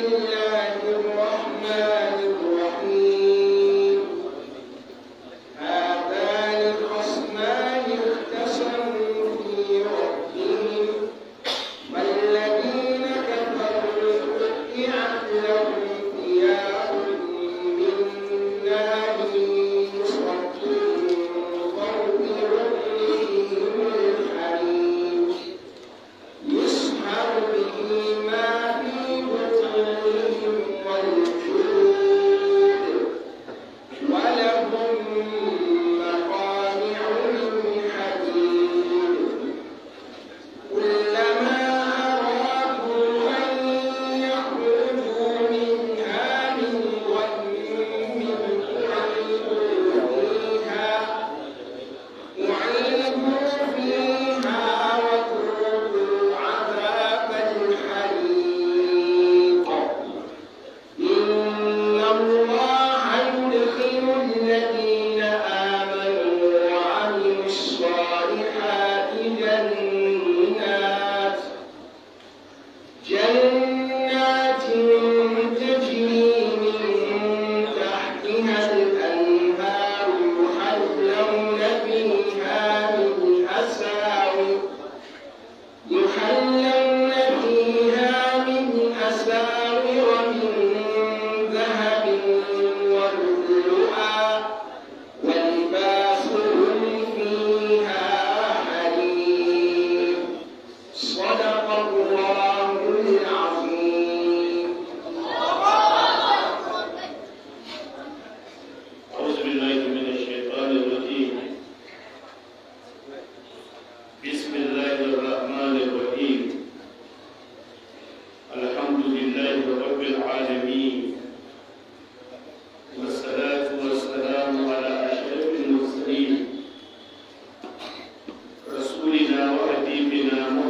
إلا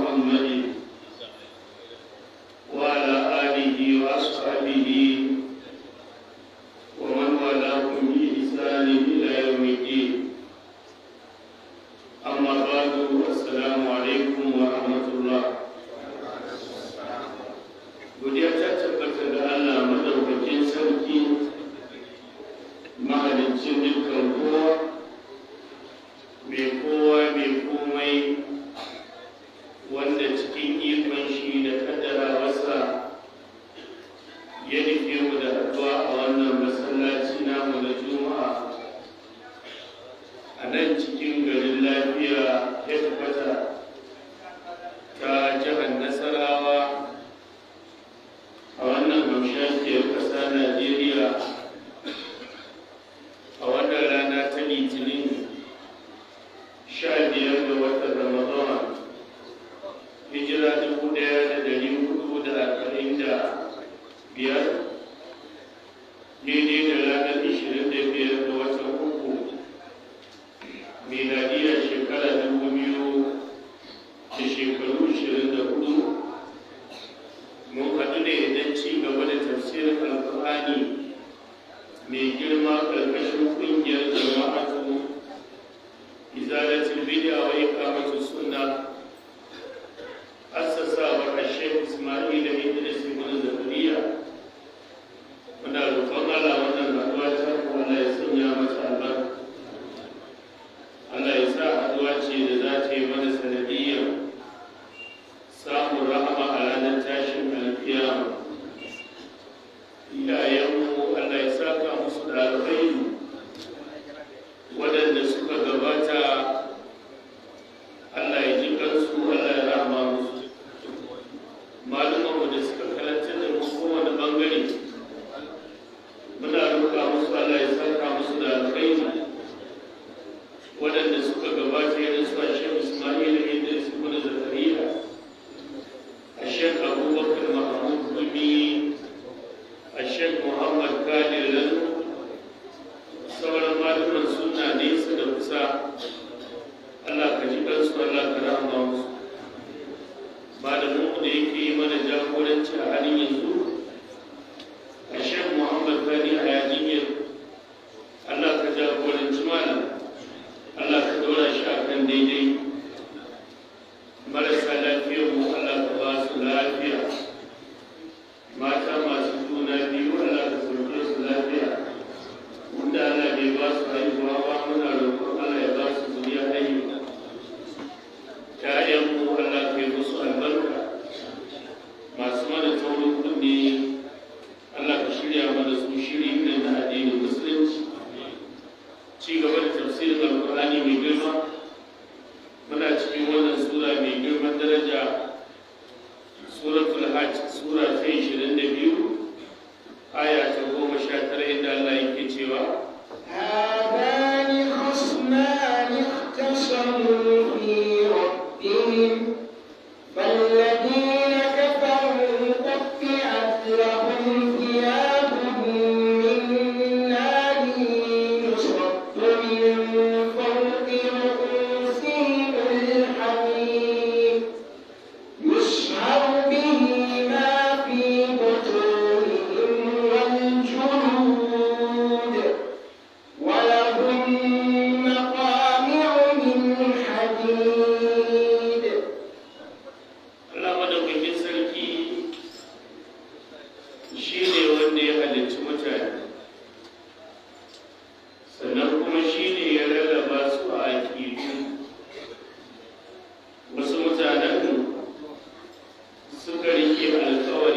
اللهم إنا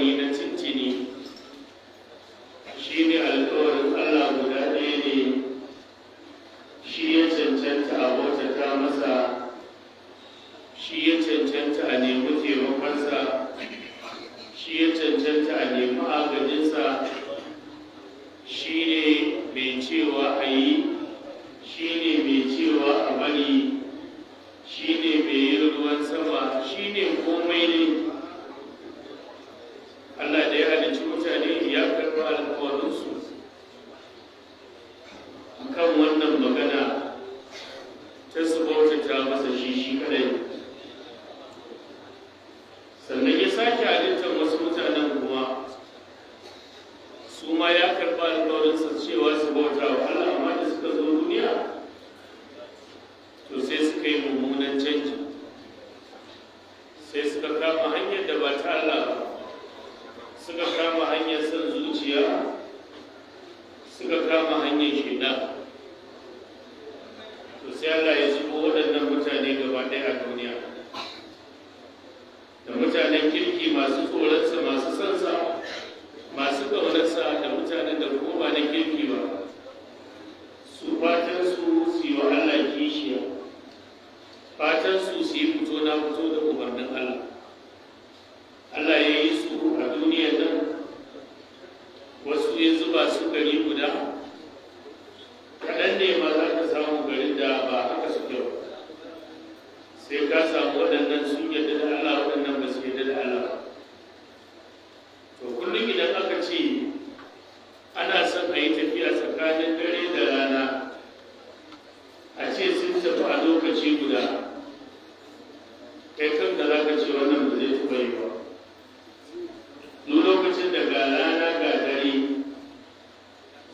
even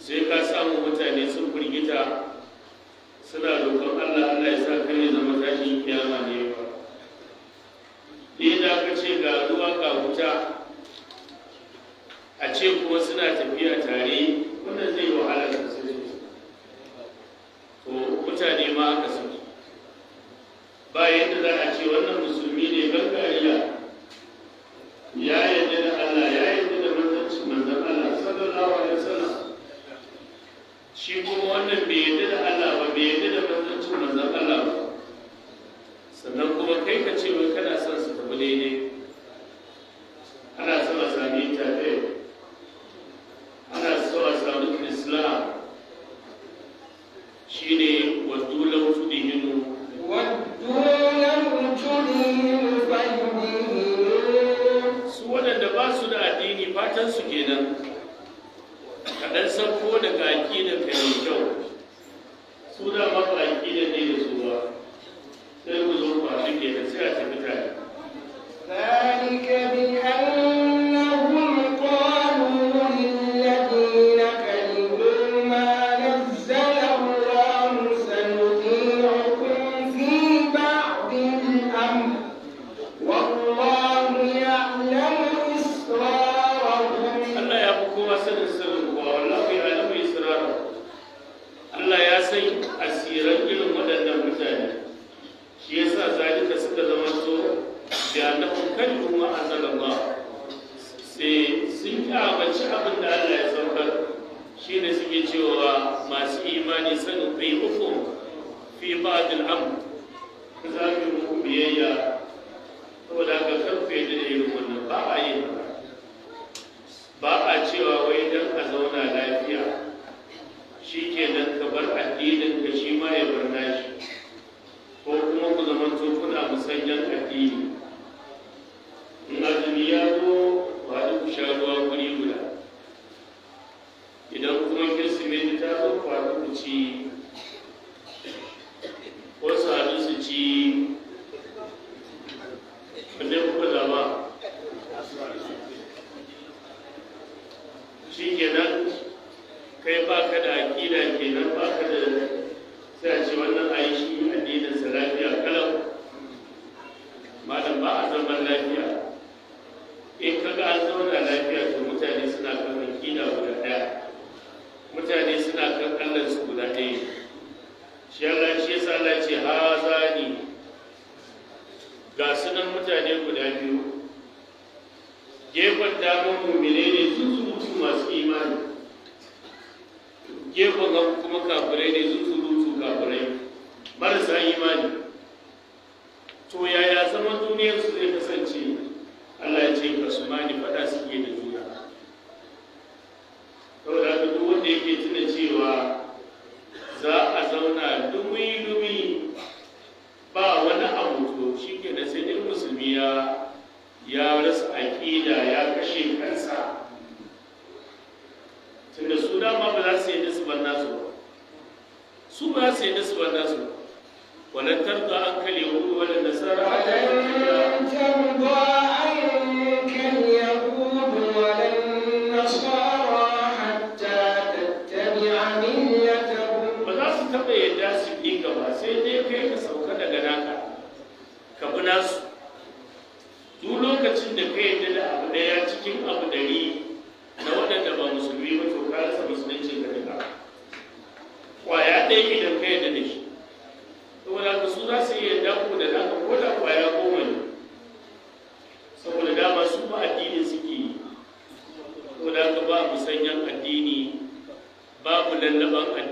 sai ka samu mutane sun firgita suna roƙon allah allah ya sa kai zama tashin kiyama ne ba da ka ce ga ruwa ga wuta a ce kuma suna tafiya tare wannan zai wahala su. to mutane ma aka su ba yadda za a ce wannan musulmi ne ganga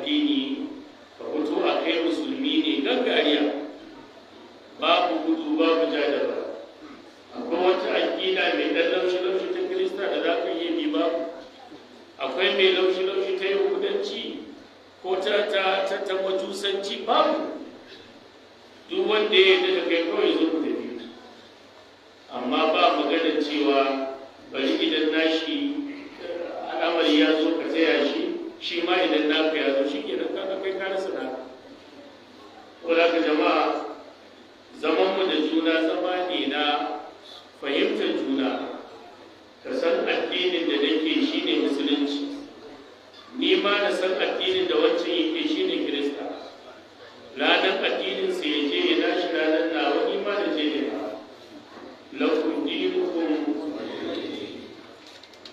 addini ka fito a kai musulmi ne gariya. babu gudu babu jadaba akwai wata addina mai dan laushi-laushi ta kirista da za ka yi bi ba? akwai mai laushi-laushi ta yi yahudanci ko ta ta ta ta majusanci babu duk wanda ya daga kai kawai zo ku tafi amma ba ganin cewa bari idan nashi al'amari ya zo ka tsaya shi shi ma idan na fi yazo shi kenan kaga kai ka rasa naka ko da ka jama'a zaman mu da juna zama na fahimtar juna ka san addinin da nake shi ne musulunci ni ma na san addinin da wancan yake shi ne kirista ranar addinin su ya je ya shi ranar na wani ma da je ne ba lakum dinukum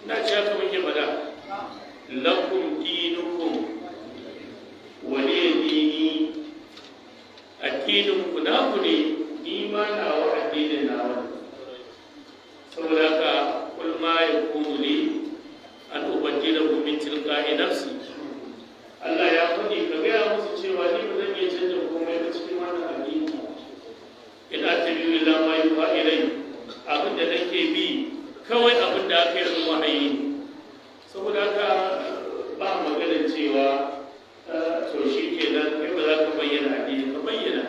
na ce haka muke bada lakum dinukum waliya dini addinin ku naku ne ni ma nawa addinin nawa saboda haka kul ma yakunu li an ubaddilahu min tilqa'i nafsi Allah ya kuni ka gaya musu cewa ni ba zan iya canza komai ba cikin wannan addini ina tabi'u illa ma yuha ilayhi abin da nake bi kawai abin da aka yi wahayi saboda haka ba maganin cewa ah, to shi ke nan kai ba za ka bayyana addini ka bayyana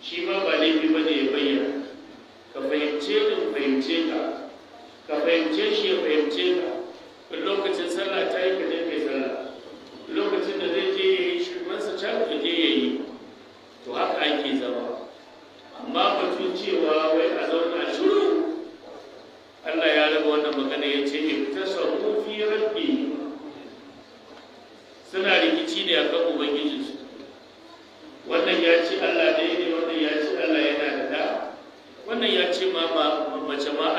shi ma ba laifi ba ne ya bayyana ka fahimce ni fahimce ka ka fahimce shi ya fahimce ka lokacin sallah ta yi ka ne kai sallah lokacin da zai je ya yi shirmansa can ka je ya yi to haka ake zama amma batun cewa wai a zauna shiru Allah ya raba wannan magana ya ce ibtasamu fi rabbi suna rikici ne kan ubangijinsu wannan ya ce Allah da ne wannan ya ce Allah yana da da wannan ya ce ma mace ma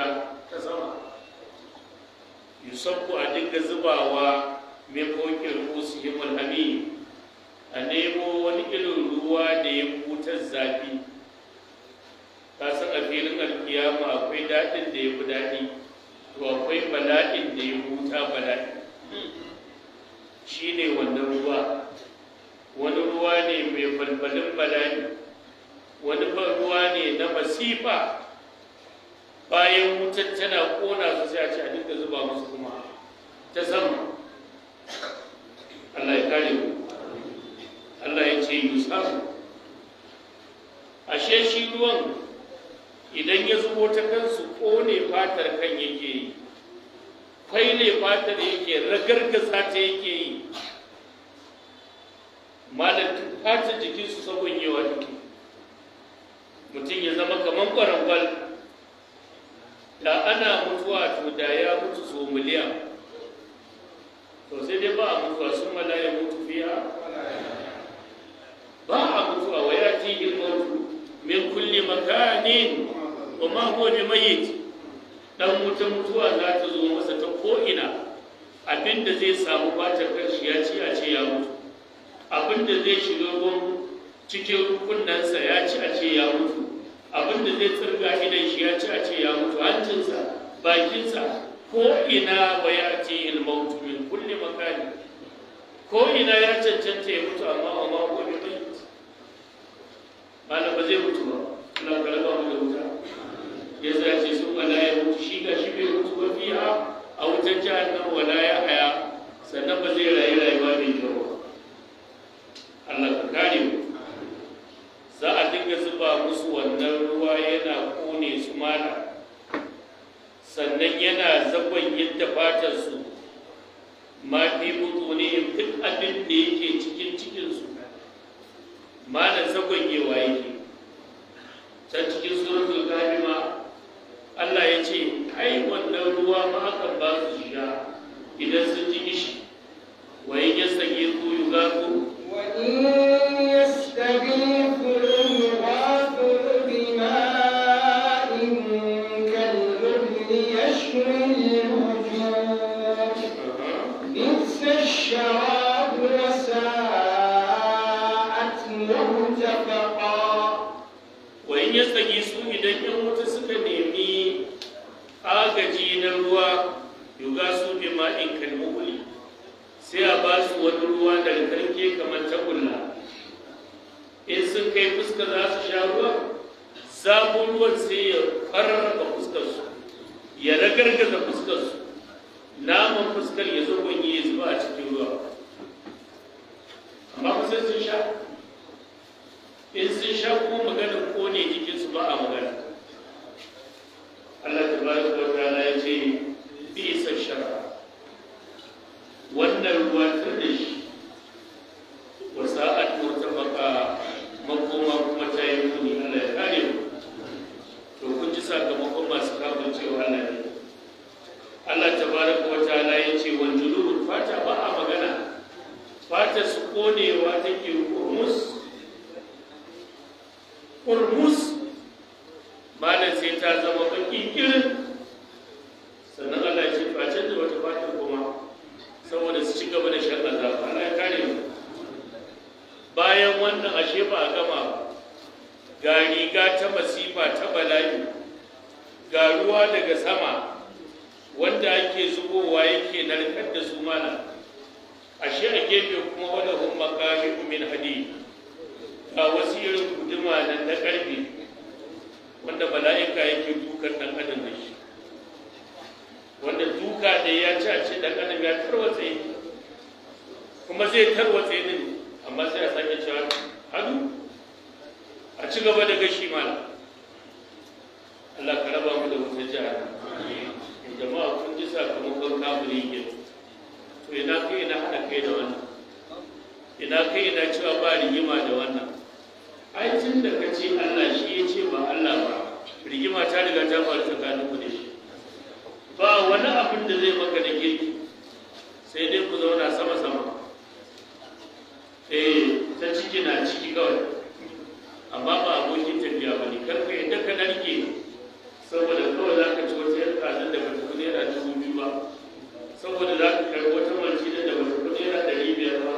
wuta ta sama yusabbu a dinga zubawa kokin rusu rusihim alhamim a nemo wani irin ruwa da ya kutar zafi ta san a filin alkiyama akwai daɗin da ya fi daɗi to akwai bala'in da ya huta bala'i shi ne wannan ruwa wani ruwa ne mai balbalin bala'i wani ruwa ne na masifa bayan wutar tana kona su sai a ce a dinga zuba musu kuma ta sama Allah ya kare mu Allah ya ce yusafu ashe shi ruwan idan ya zubo ta kansu kone fatar kan yake yi kwaile fatar yake ragargaza ta yake yi malar fatar jikinsu sabon yawa duki mutum ya zama kamar ƙwarangwal da ana mutuwa to da ya mutu so miliyan to sai dai ba a mutuwa sun mala ya mutu fiya ba a mutuwa wa ya ti mutu min kulli makani wa ma huwa bi mayyit dan mutu mutuwa za ta zo masa ta ko'ina abinda zai samu bata kanshi ya ci a ce ya mutu abinda zai shiga cikin rukunansa ya ci a ce ya mutu abin da zai tsirga idan shi ya ci a ce ya mutu hancinsa bakinsa ko ina ba ya ce ilmautu min kulli makani ko ina ya cancanta ya mutu amma amma ko ne mai malam ba zai mutu ba suna ka mu da wuta ya sa ce sun wala ya mutu shi ga shi bai mutu ba fiya a wutar jahannam wala ya haya sannan ba zai rayu rayuwa mai kyau Allah ka kare mu za a dinga zuba musu wannan ruwa yana kone su mana sannan yana zagon yadda fatarsu ma fi in duk abin da yake cikin cikinsu da zagon yawa yake can cikin suratul kahfi ma Allah ya ce ai wannan ruwa ma haka ba su sha idan sun wanda duka da ya ci a ce dan adam ya tarwatse kuma zai tarwatse din amma sai a sake cewa hadu a ci gaba da gashi mala Allah ka raba mu da wata jihar jama'a kun ji sakamakon kafiri ke to ina kai ina hada kai da wannan ina kai ina cewa ba rigima da wannan ai tun da ka ce Allah shi ya ce ba Allah ba rigima ta riga ta faru tsakanin ku da shi ba wani abin da zai maka da girki sai dai ku zauna sama-sama eh ta ciki na ciki kawai amma ba abokin tafiya ba ne karfe da ka narke saboda kawai za ka ci wata yan nan da ba ta kudi yana dubu biyu ba saboda za ka karɓi wata manci da da ba ta kudi ɗari biyar ba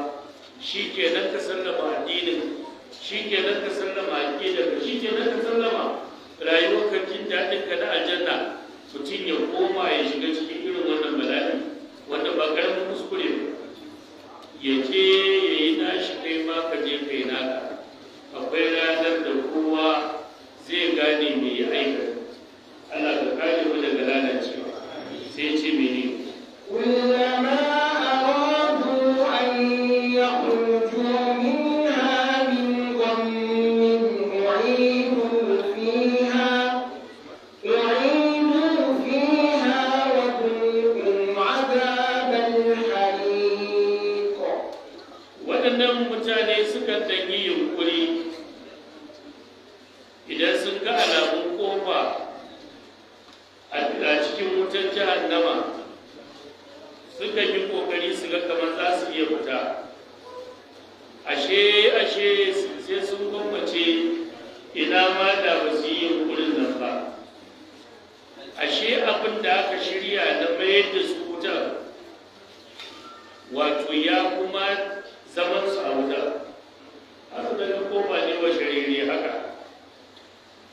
shi ke nan ka sallama addinin shi ke nan ka sallama aƙidar shi ke nan ka sallama rayuwar kan jin daɗin ka na aljanna mutum ya koma ya shiga cikin irin wannan bala'i wanda ba karamin kuskure ba ya je ya yi nashi kai ma ka je kai naka akwai ranar da kowa zai gane me ya aikata Allah ka kare mu daga lalacewa sai ce mene kullum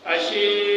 Achei.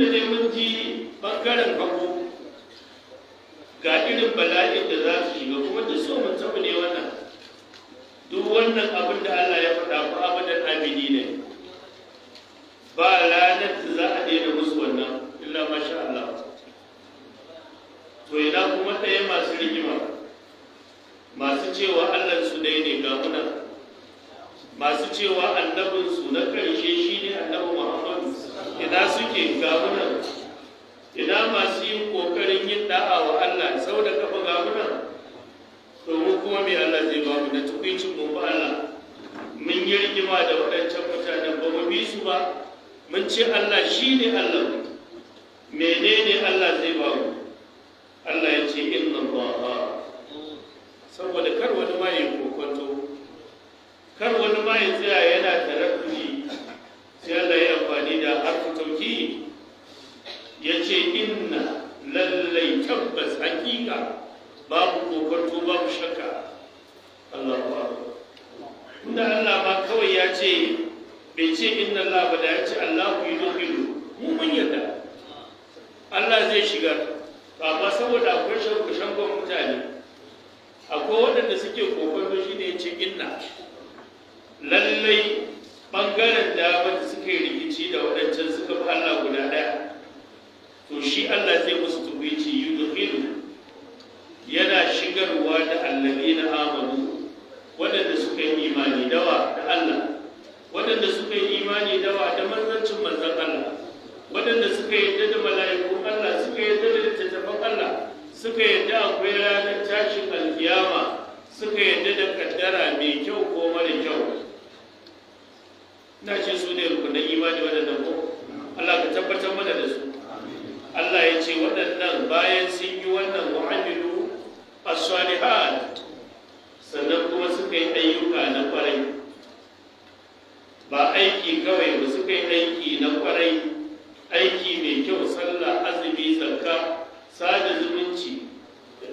da dai mun ji bangaren hagu ga irin bala'in da za su yi ba kuma duk so mun tabu ne wannan duk wannan abin da Allah ya faɗa abin da amini ne ba ranar da za a daina musu wannan illa masha Allah to idan kuma ɗaya masu rigima masu cewa Allah su dai ne ga muna masu cewa annabinsu na ƙarshe shi ne annabi Muhammadu ina suke gamunan ina masu yin ƙoƙarin yin da'a wa Allah sau da kafa gamunan mu kuma mai Allah zai ba mu da tukuncin mu ba Allah mun yi rigima da waɗancan mutanen ba mu bi su ba mun ce Allah shi ne Allah menene Allah zai ba mu Allah ya ce inna Allah saboda kar wani ma ya kokonto kar wani ma ya tsaya yana taraddudi sai Allah ya amfani da harfu tauki ya ce inna lallai tabbas hakika babu kokonto babu shakka Allah ba inda Allah ma kawai ya ce bai ce inna Allah ba da ya ce Allah ku yi dokilu mu mun yarda Allah zai shiga amma saboda akwai shauku shankon mutane akwai waɗanda suke kokonto shi ne ce inna lallai ɓangaren da wanda suka yi rikici da waɗancan suka fi Allah guda ɗaya to shi Allah zai musu tubici yudhilu yana shigarwa da na amanu waɗanda suka yi imani dawa da Allah waɗanda suka yi imani dawa da manzancin manzan Allah waɗanda suka yarda da mala'ikun Allah suka yarda da littattafan Allah suka yarda akwai ranar tashin alkiyama suka yarda da kaddara mai kyau ko mara kyau ina ce su ne rukunan imani waɗannan ko Allah ka tabbatar mana da su Allah ya ce waɗannan bayan sun yi wannan mu'amilu as-salihat sannan kuma suka yi ayyuka na kwarai ba aiki kawai ba suka yi aiki na kwarai aiki mai kyau sallah azumi zakka sada zumunci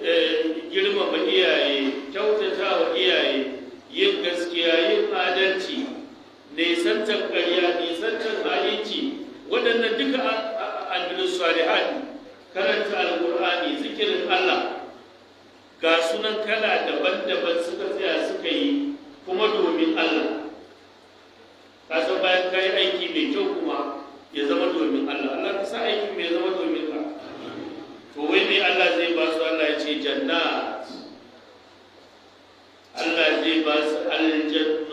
eh, girmama iyaye kyautata wa iyaye yin gaskiya yin adalci nisancin ƙarya nisancin halinci waɗannan duka adilus salihan karanta alƙur'ani zikirin Allah ga sunan kala daban-daban suka tsaya suka yi kuma domin Allah ka san bayan ka yi aiki mai kyau kuma ya zama domin Allah Allah ka sa aiki mai zama domin ka to wai ne Allah zai ba su Allah ya ce jannat Allah zai ba su aljanna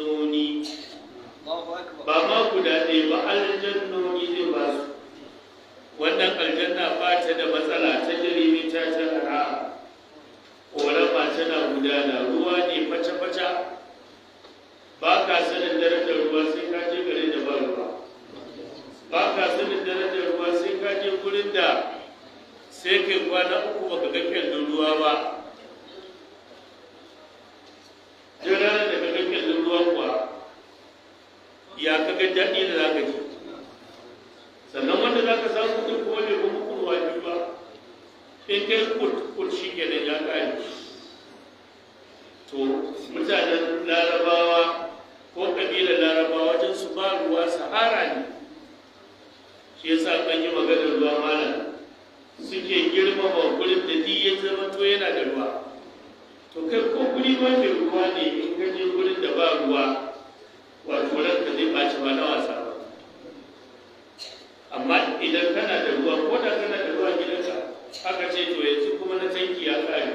ba ma guda ɗaya ba aljannoni ne ba su wannan aljanna ba ta da matsala ta jirimi ta jara ƙorama tana gudana ruwa ne faca-faca ba ka sanin darajar ruwa sai ka je gare da ba ruwa ba ka sanin darajar ruwa sai ka je gurin da sai kai kwana uku baka ga da ruwa ba jiran da ka ga kyallin ruwa kuwa ya ka ga daɗi da za ka ji sannan wanda za ka samu kuɗin kuma bai kuma ruwa wajibi ba in kai kuɗ shi da ya ƙare to mutanen larabawa ko ƙabilar larabawa wajen su ba ruwa sahara ne shi yasa an yi maganar ruwa malam suke ba gurin da duk ya zama to yana da ruwa to kai ko guri wanda ruwa ne in kaje gurin da ba ruwa wato ranka zai ɓaci ba na wasa ba amma idan kana da ruwa ko da kana da ruwa gidanka aka ce to yanzu kuma na tanki ya ƙare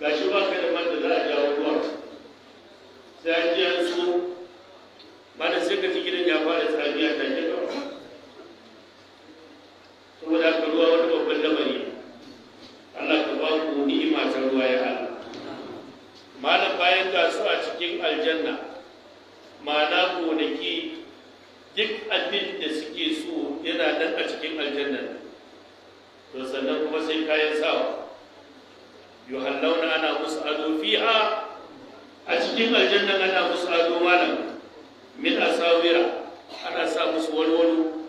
ga shi ba ka da man da za a jawo ruwa sai an ji an mana sai ka ji gidan ya fara tsamiya ta ke ba saboda ka ruwa wani babban lamari Allah ka ba ku ni'ima ta ruwa ya Allah malam bayan gasu a cikin aljanna ma'ana gonaki duk abin da suke so yana nan a cikin aljanna to sannan kuma sai kayan sawa yuhallawna ana musu ado fi'a a cikin aljanna ana musu ado malam min asawira ana sa musu walwalu.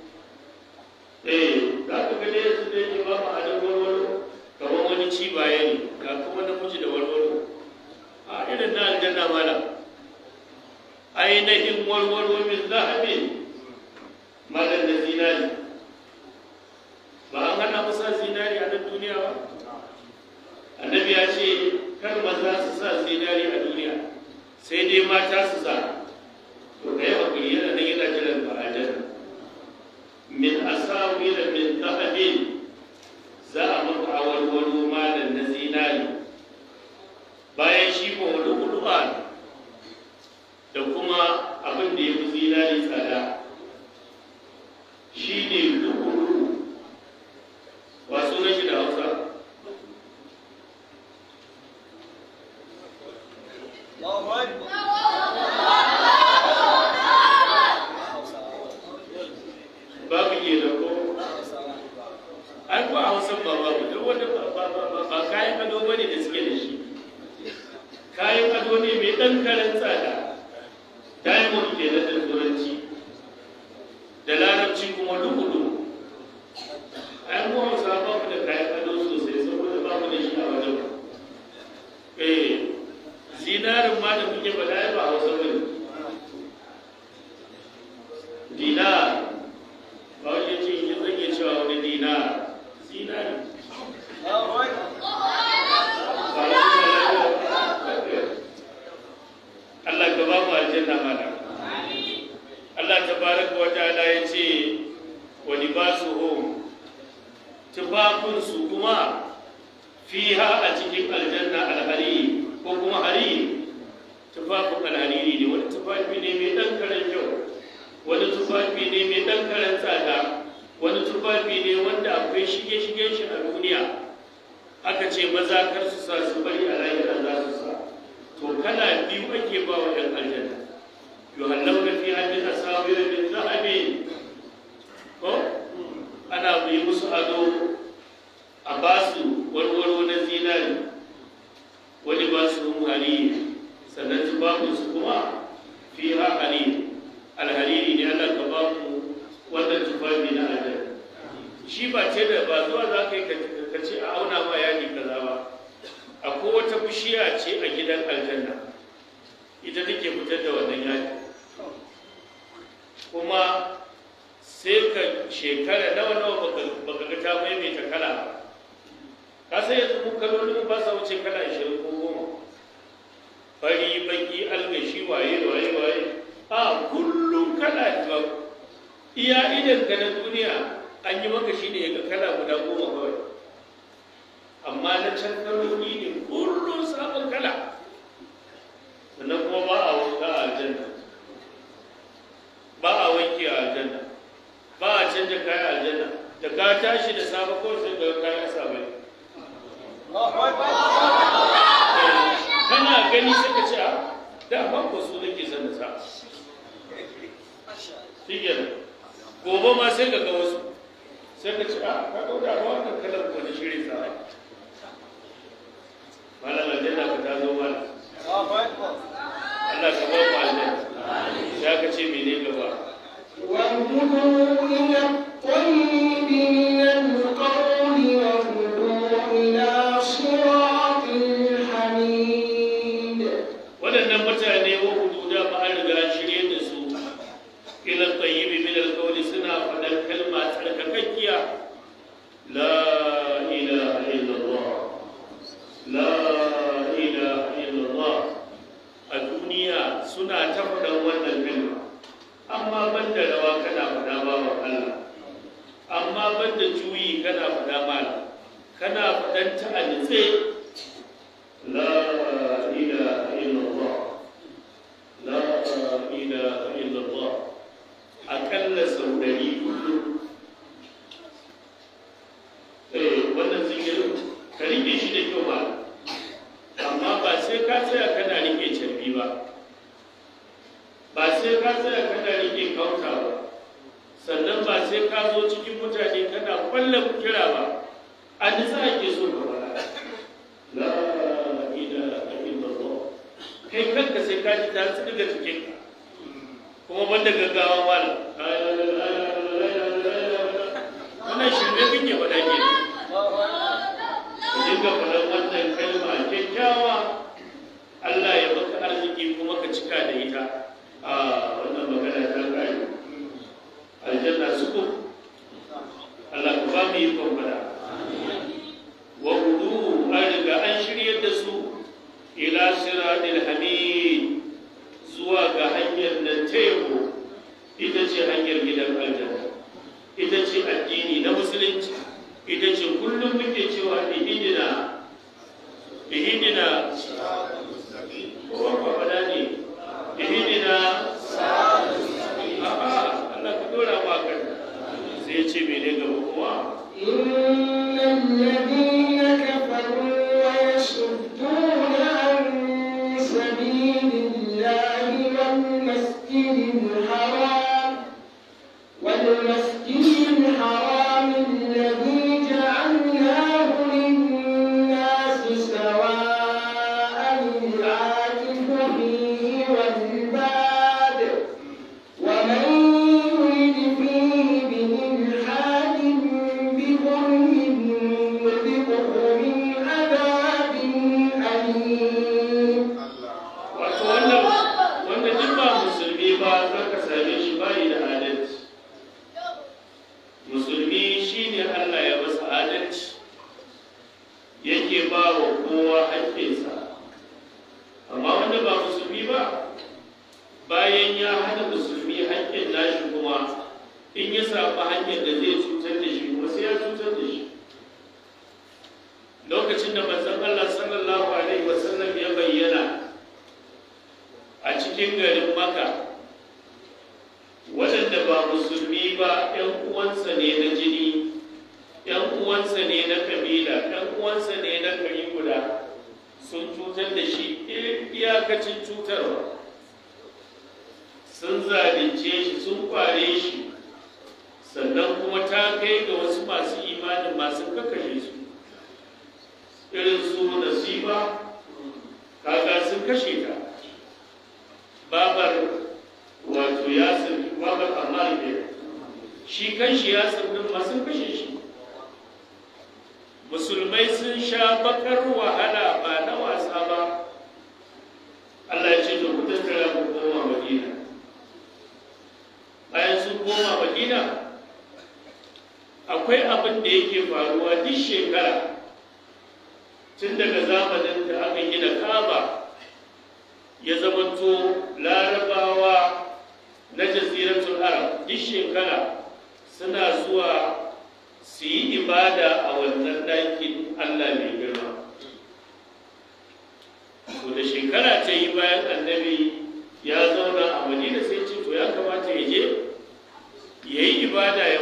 eh za ka ga dai yanzu dai ba mu adon walwalu? kamar wani ci baya ne ga kuma namiji da walwalu. a irin na aljanna malam ainihin warwaro min zahabi malam da zinari ba an hana kusa zinari a nan duniya ba annabi ya ce kar maza su sa zinari a duniya sai dai mata su sa to kai hakuri yana nan yana jiran ba a jana min asawira min zahabin za a maka a warwaro malam na zinari bayan shi ba wani ba. da kuma abin da ya fi zinari tsada shi ne ruku-ruku ba shi da hausa Allahu wa ta'ala ya ce wa libasuhum tufafinsu kuma fiha a cikin aljanna alhariri ko kuma hariri tufafin alhariri ne wani tufafi ne mai ɗan karen kyau wani tufafi ne mai ɗan karen tsada wani tufafi ne wanda akwai shige shige shi a duniya aka ce maza kar su sa su bari a rayuwar za su sa to kana biyu ake ba wa ɗan aljanna yuhallawna fiha min asawir ko ana musu ado a basu warwaro na zinari wani basu hariri sannan kuma shi ba ce da ba zuwa za ka yi a auna ma yadi kaza ba akwai wata bishiya ce a gidan aljanna ita take fitar da wannan yaki. kuma sai ka shekara nawa nawa baka ga ta maimaita kala ka sai yanzu mu kalolin ba sa wuce kala ashirin ko goma fari baki algashi waye waye waye a kullum kala ta iya idan ka na duniya an yi maka shi ne ga kala guda goma kawai amma na can kaloli ne kullum sabon kala sannan kuma ba a wuta a aljanna ba a wanke a aljanna ba a canja kayan aljanna da ka tashi da safe ko sai ga kayan sabai kana gani suka ce ah, da ban ko su nake son da sa shi gobe ma sai ka ga wasu sai ka ce a ah, ka dauka ba wannan kalar ko da shirin sa malal aljanna ka ta zo mana Allah ka ba mu aljanna sai aka ce mene gaba wa hudu ila tayyibin shekara ta yi bayan annabi ya zauna a madina sai ce to ya kamata ya je ya yi ibada ya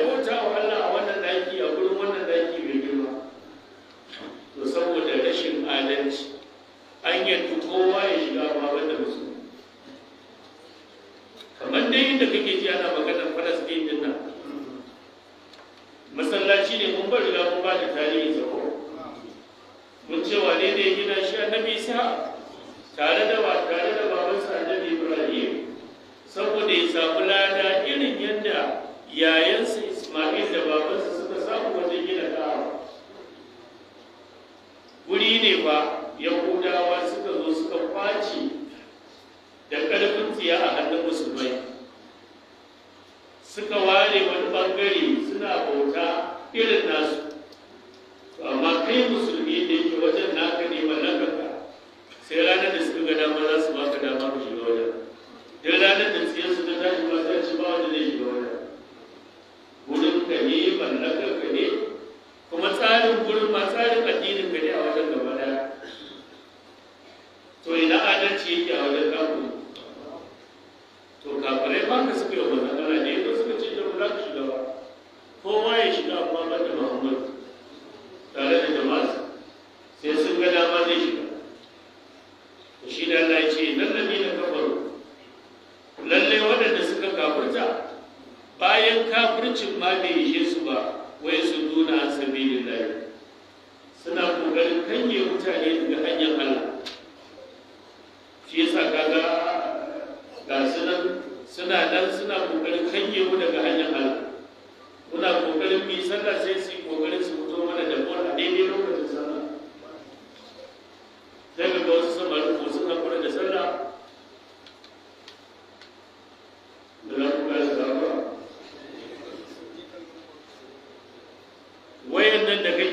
desde que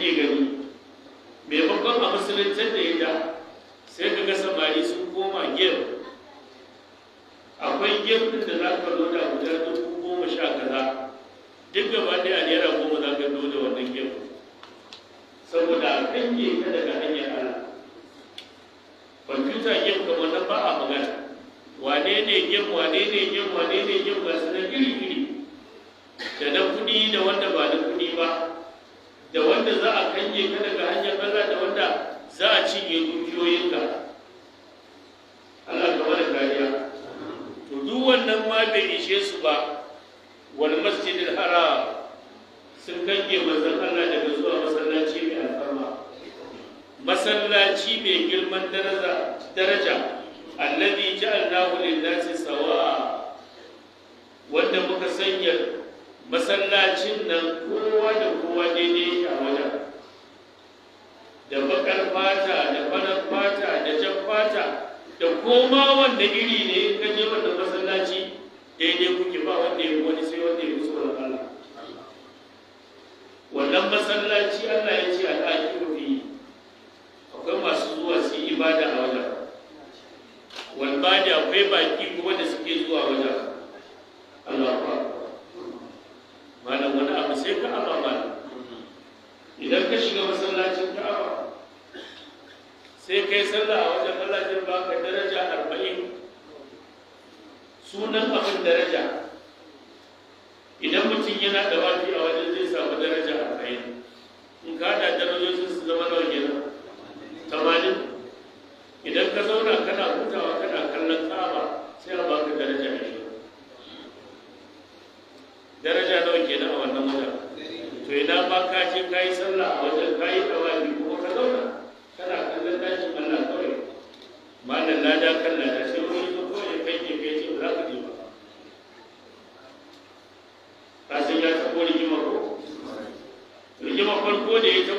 lada kan lada sai wani ya ko ya kai ke ce ba za ka je ba ya rigima ko rigima farko da ya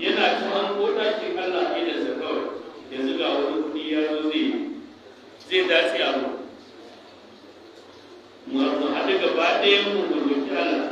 yana cikin ko ɗakin Allah ne da zakawar yanzu ga wani kuɗi ya zo zai zai dace a mu mu haɗu gaba ɗayan mu mu roƙi Allah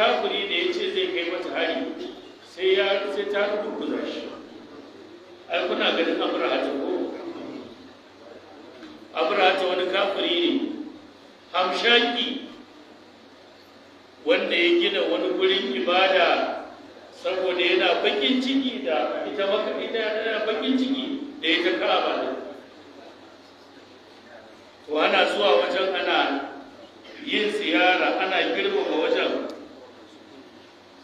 kafiri da ya ce zai kai mata hari sai ya sai ta rubuta shi ai kuna ganin abraha ko abraha wani kafiri ne hamshaki wanda ya gina wani gurin ibada saboda yana bakin ciki da ita maka ita yana bakin ciki da ita ka'aba ne to ana zuwa wajen ana yin ziyara ana girmama wajen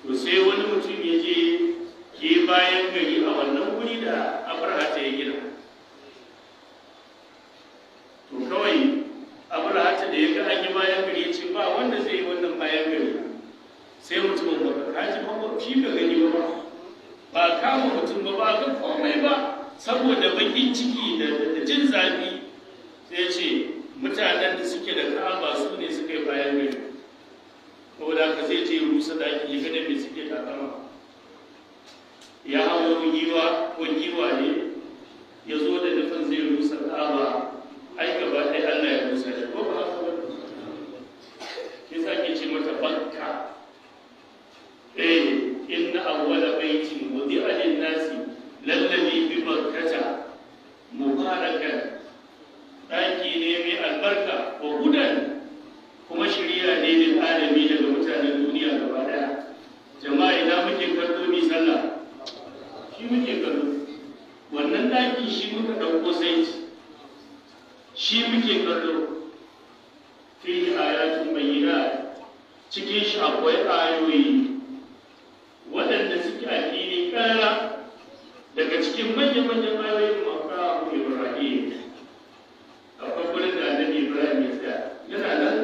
to sai wani mutum ya je ke bayan gari a wannan wuri da abraha ta ya gina to kawai abraha ta da ya ga an yi bayan gari ya ce ba wanda zai yi wannan bayan gari sai mutumin ba kaji ji shi ga gani ba ba kama mutum ba ba ga komai ba saboda bakin ciki da jin zafi sai ce mutanen da suke da ka'aba su saboda haka zai ce rusa da ake yi gane mai suke takama ya hawo giwa ko giwa ne ya zo da nufin zai rusa ka'aba ai gaba ɗaya Allah ya muka ɗauko saiti shi muke kallo fi ayatun bayyana cikin shi akwai ayoyi waɗanda suke a fili ƙarara daga cikin manyan manyan ayoyin makamu ibrahim akwai wurin da annabi ibrahim ya tsaya yana nan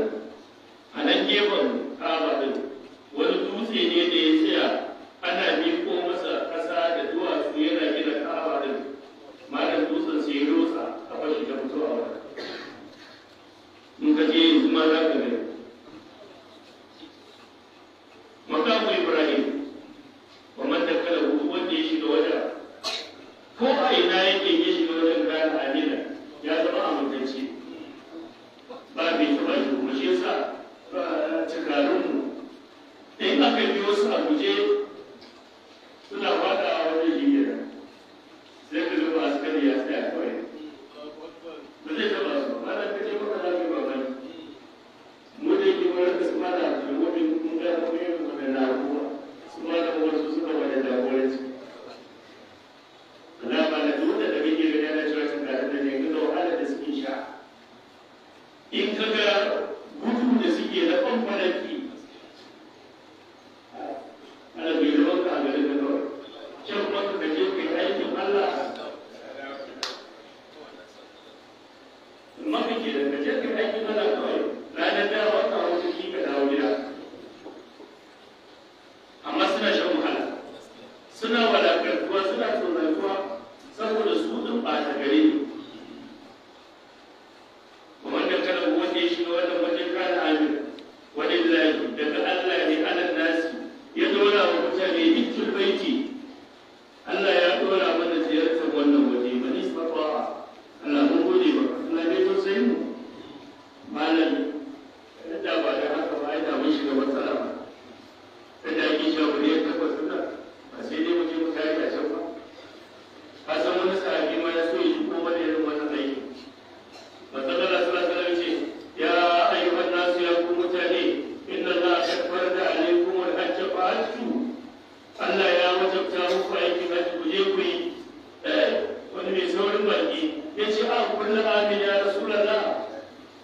kullum amin ya rasulullah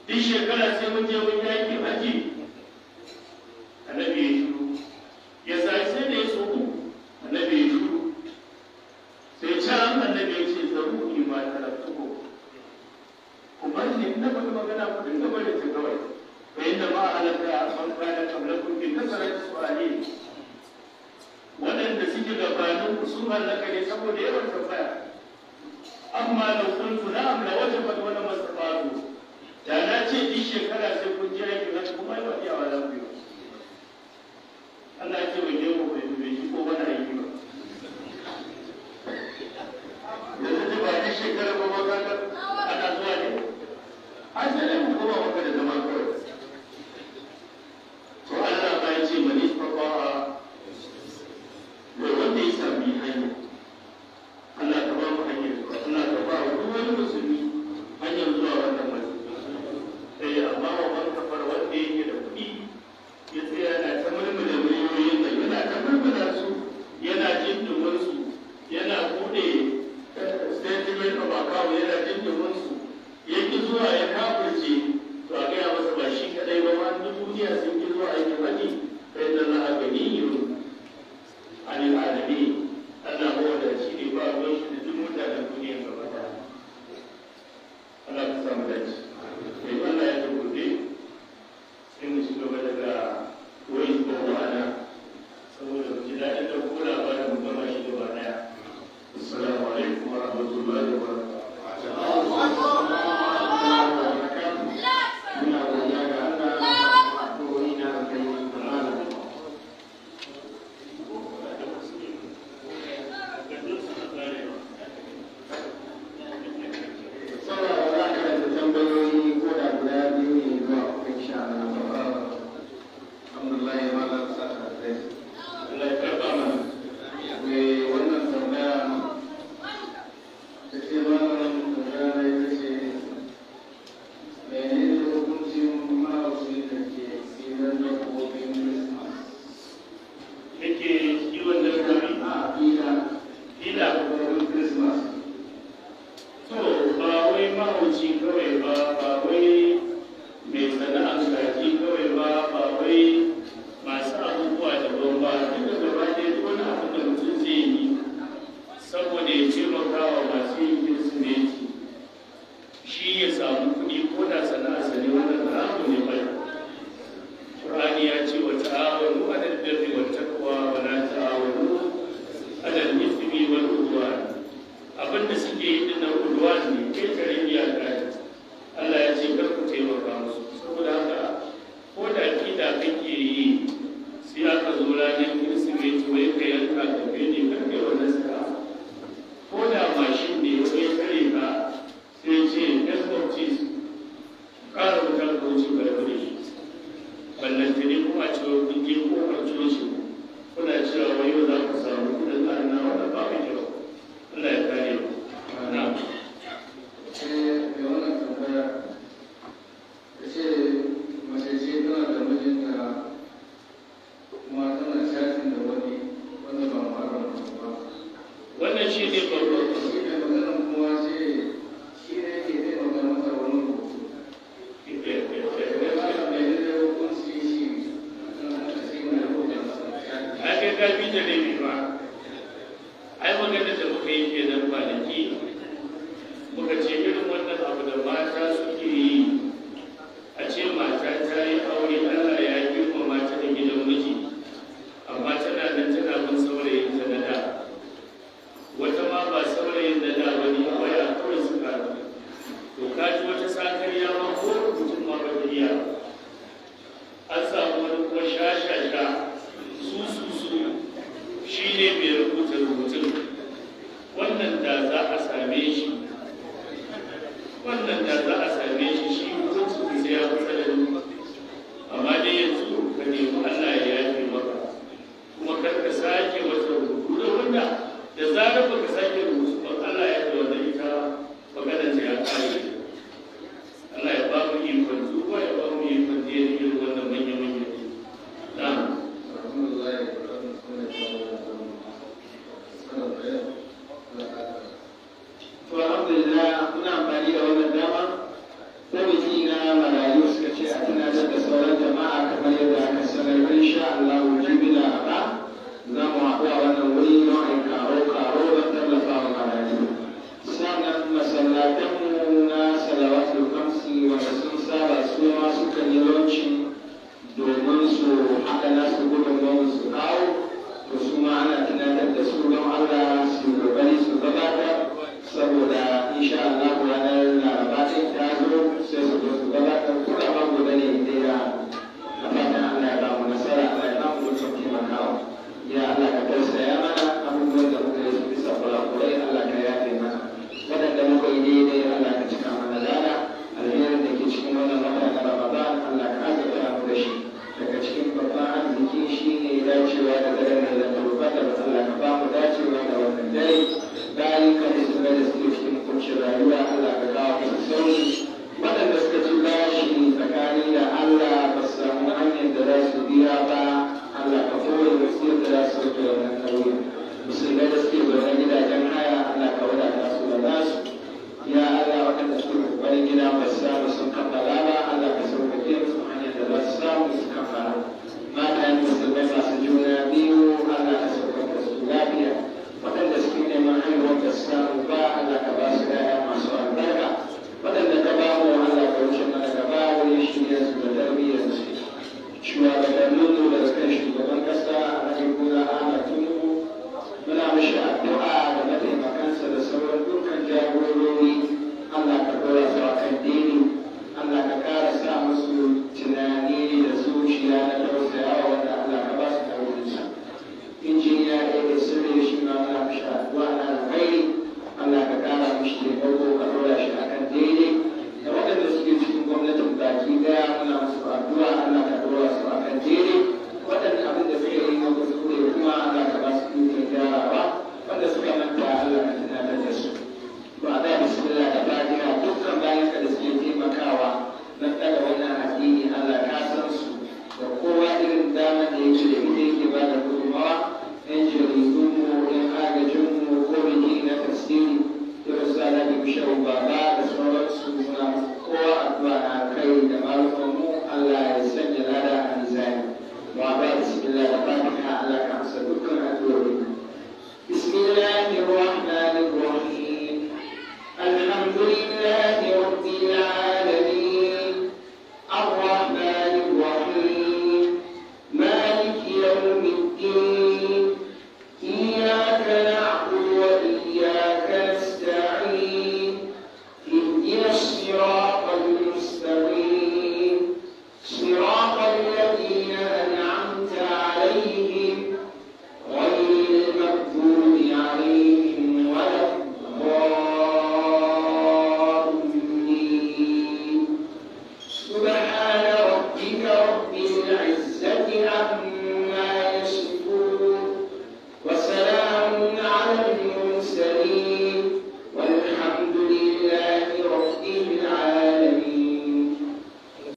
duk shekara sai mun je mun yaki